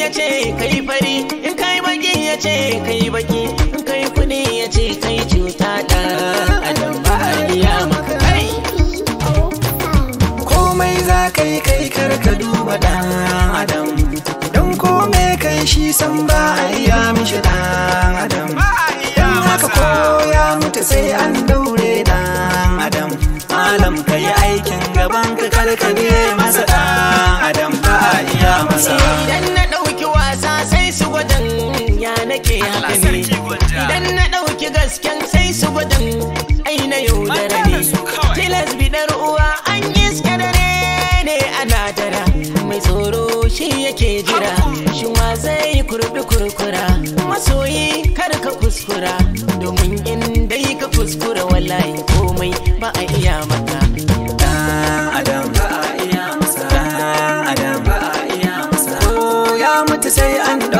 ya ce kai fari in kai baki ya ce kai baki in kai kudi ya ce kai cuta da adam ba ya maka kai komai za kai kai kar ka duba dan adam don komai kai shi san ba a iya mishi dan adam don haka ko ya mutu sai an daure dan adam malam kai aikin gaban ka kar ka masa dan adam ba a iya masa idan na ɗauki gasken sai su gudun ai na yaudara ne tilas bidar uwa an yi dare ne ana dara mai tsoro shi yake jira shi ma zai kurbi kurkura masoyi kar ka kuskura domin in dai ka kuskura wallahi komai ba a iya maka adam ba a iya masa a iya masa ko ya mutu sai an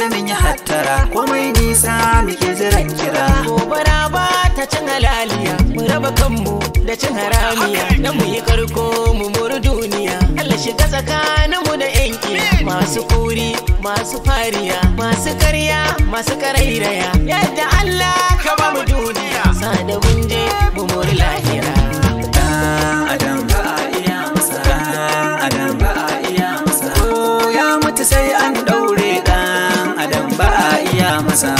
sanin ya hattara komai nisa muke jiran kira gobara ba ta cin halaliya mu raba kanmu da cin haramiya dan mu yi karko mu muru duniya Allah shiga tsakanin mu da yanki masu kuri masu fariya masu karya masu karairaya yadda Allah ka ba mu duniya sa da mun mu murla masa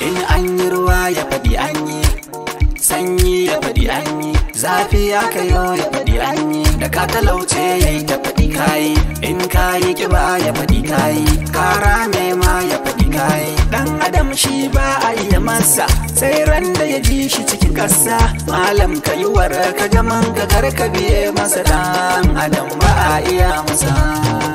In an yi ruwa ya faɗi an yi, sanyi ya faɗi an yi, zafi ya kayo ya faɗi an yi, da ka talauce ya yi ta faɗi kayi, in kayi kiba ya faɗi kayi, kara shi ba a iya masa sai ran da ya ji shi cikin ƙasa malam ka yi ka gaman ka kar ka biye masa dan adam ba a iya masa